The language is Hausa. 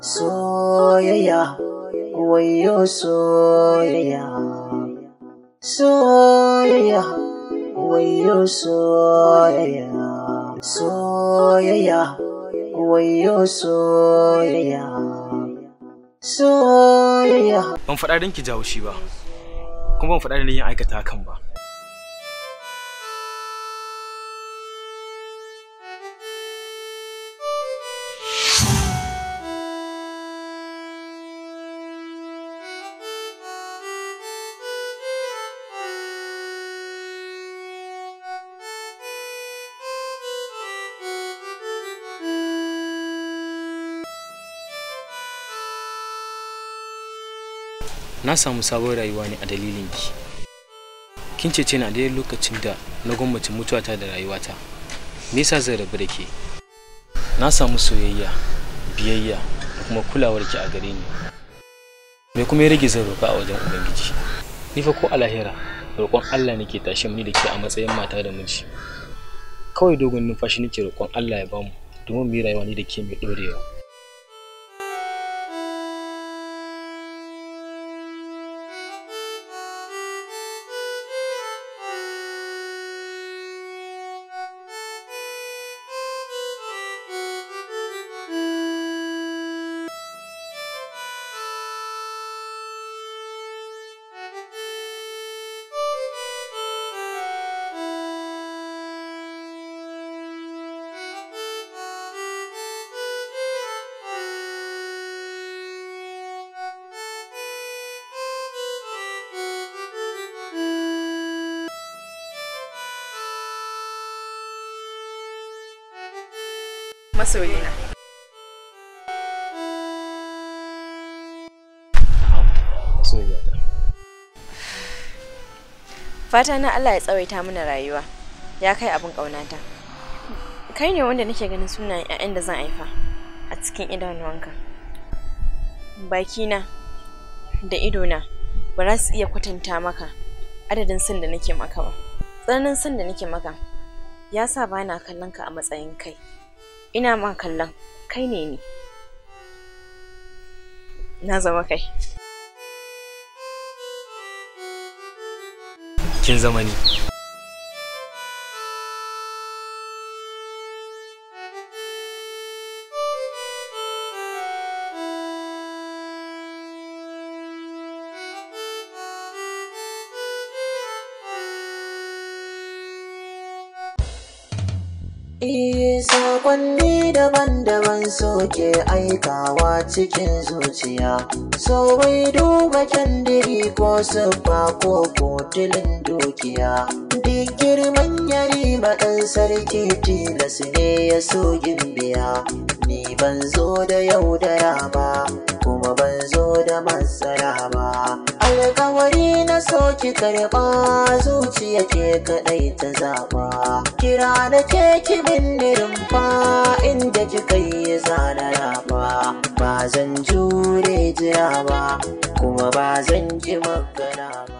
Soyayya, wayo soyayya, soyayya, wayo soyayya, soyayya, wayo soyayya, soyayya. Ban faɗa don ki jawo shi ba, kuma ban faɗa don yin aikata hakan ba. na samu sabon rayuwa ne a dalilin ki kin cece a daidai lokacin da na gwamnati mutuwata da rayuwata me yasa zan rabu da ke na samu soyayya biyayya da kuma kulawar ki a gare ni me kuma ya rage zan roƙa a wajen ubangiji ni fa ko a lahira roƙon Allah nake tashi mini da ke a matsayin mata da miji kawai dogon numfashi nake roƙon Allah ya bamu domin mu yi rayuwa ni da ke mai ɗorewa masoyina. Fata na Allah ya tsawaita mana rayuwa, ya kai abin ƙaunata. Kai ne wanda nake ganin sunayen 'ya'yan da zan haifa a cikin idanuwanka. Bakina da idona ba za su iya kwatanta maka adadin son da nake maka ba. Tsananin son da nake maka ya sa ba na kallon ka a matsayin kai. ina ma kallon kai ne ni na zama kai kin zama ni Eh, sakonni daban-daban ke aikawa cikin zuciya, so wai duba kyandiri ko siffa ko kotulin dukiya. Duk girman yari maɗan sarki tilas ne ya so biya, ni ban zo da yaudara ba, kuma ban zo da matsala ba. Alkawari na soki karɓa zuwa. ya ce kaɗai ta zaɓa. Kira da ke kibin rumfa inda kika yi zana rafa. Ba zan jure jira ba, kuma ba zan ji magana ba.